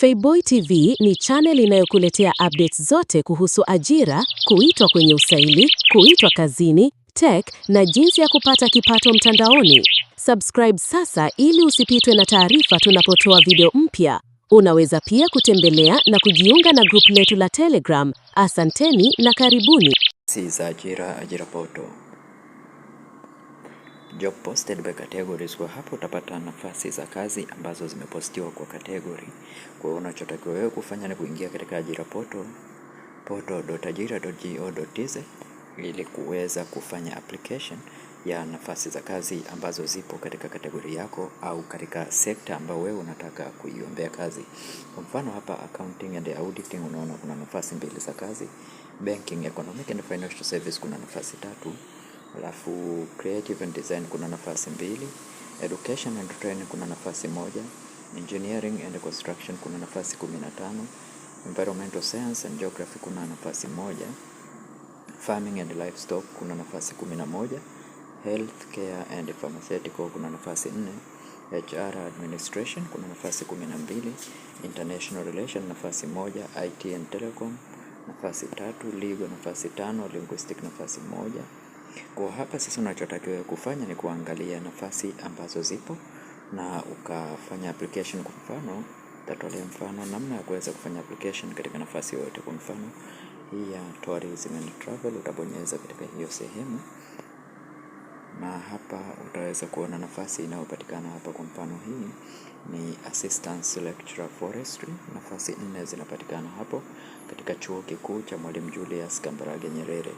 Feaboy TV ni channel inayokuletea updates zote kuhusu ajira, kuitwa kwenye usaili, kuitwa kazini, tech na jinsi ya kupata kipato mtandaoni. Subscribe sasa ili usipitwe na taarifa tunapotoa video mpya. Unaweza pia kutembelea na kujiunga na group letu la Telegram. Asanteni na karibuni. Si za ajira, ajira poto job posted by categories. Kwa hapo utapata nafasi za kazi ambazo zimepostiwa kwa category. Kwa hiyo unachotakiwa wewe kufanya ni kuingia katika ajira poto poto.ajira.go.tz ili kuweza kufanya application ya nafasi za kazi ambazo zipo katika kategori yako au katika sekta ambayo wewe unataka kuiombea kazi. Kwa mfano hapa accounting and auditing, unaona kuna nafasi mbili za kazi. Banking, economic and financial service kuna nafasi tatu. Alafu creative and design kuna nafasi mbili, education and training kuna nafasi moja, engineering and construction kuna nafasi kumi na tano, environmental science and geography kuna nafasi moja, farming and livestock kuna nafasi kumi na moja, health care and pharmaceutical kuna nafasi nne, HR administration kuna nafasi kumi na mbili, international relation nafasi moja, IT and telecom nafasi tatu, ligo nafasi tano, linguistic nafasi moja kwa hapa sasa unachotakiwa kufanya ni kuangalia nafasi ambazo zipo na ukafanya application kwa mfano, tatolea mfano namna ya kuweza kufanya application katika nafasi yoyote. Kwa mfano hii ya tourism and travel, utabonyeza katika hiyo sehemu, na hapa utaweza kuona nafasi inayopatikana hapa. Kwa mfano hii ni assistance lecturer forestry, nafasi nne zinapatikana hapo katika chuo kikuu cha Mwalimu Julius Kambarage Nyerere.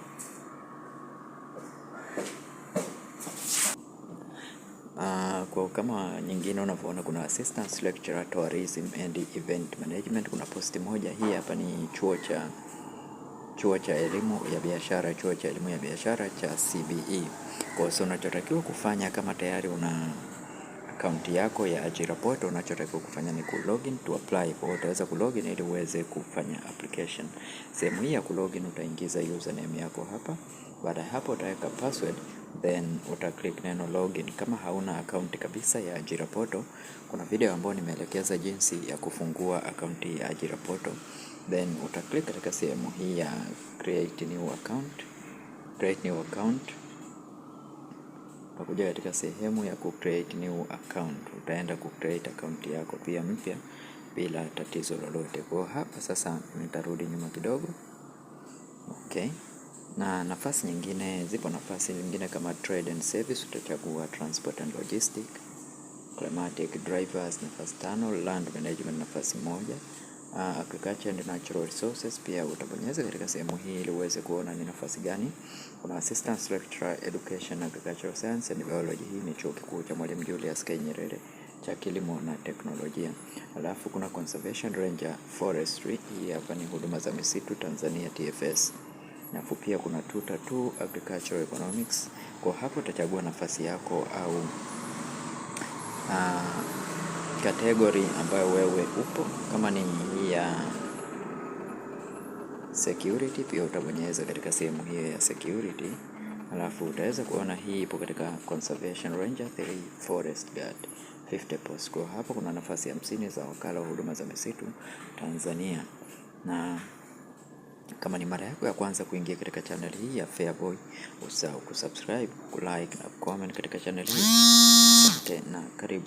kwa kama nyingine unavyoona kuna assistance lecturer tourism and event management. Kuna posti moja hii hapa, ni chuo cha chuo cha elimu ya biashara, chuo cha elimu ya biashara cha CBE. Kwa hiyo unachotakiwa kufanya kama tayari una akaunti yako ya ajira portal, unachotakiwa kufanya ni kulogin to apply. Kwa hiyo utaweza kulogin ili uweze kufanya application. Sehemu hii ya kulogin utaingiza username yako hapa. Baada ya hapo utaweka password then uta click neno login. Kama hauna akaunti kabisa ya ajira poto, kuna video ambayo nimeelekeza jinsi ya kufungua akaunti ya ajira poto, then uta click katika sehemu hii ya create new account. Create new account utakuja katika sehemu ya ku create new account, utaenda ku create account yako pia mpya bila tatizo lolote. Kwa hapa sasa nitarudi nyuma kidogo, okay. Na nafasi nyingine, zipo nafasi nyingine kama trade and service, utachagua transport and logistic, climatic drivers nafasi tano, land management nafasi moja, uh, agriculture and natural resources pia utabonyeza katika sehemu hii ili uweze kuona ni nafasi gani. Kuna assistance lecturer education agricultural science and biology. Hii ni chuo kikuu cha Mwalimu Julius K Nyerere cha kilimo na teknolojia. Alafu kuna conservation ranger forestry. Hii hapa ni huduma za misitu Tanzania TFS. Alafu pia kuna tuta tu agricultural economics. Kwa hapo utachagua nafasi yako au kategori ah, ambayo wewe upo. Kama ni ya security, pia utabonyeza katika sehemu hiyo ya security. Alafu utaweza kuona hii ipo katika conservation ranger 3 forest guard 50 post. Kwa hapo kuna nafasi hamsini za wakala wa huduma za misitu Tanzania na kama ni mara yako ya kwanza kuingia katika channel hii ya Feaboy, usahau kusubscribe, kulike na comment katika channel hii. Asante na karibu.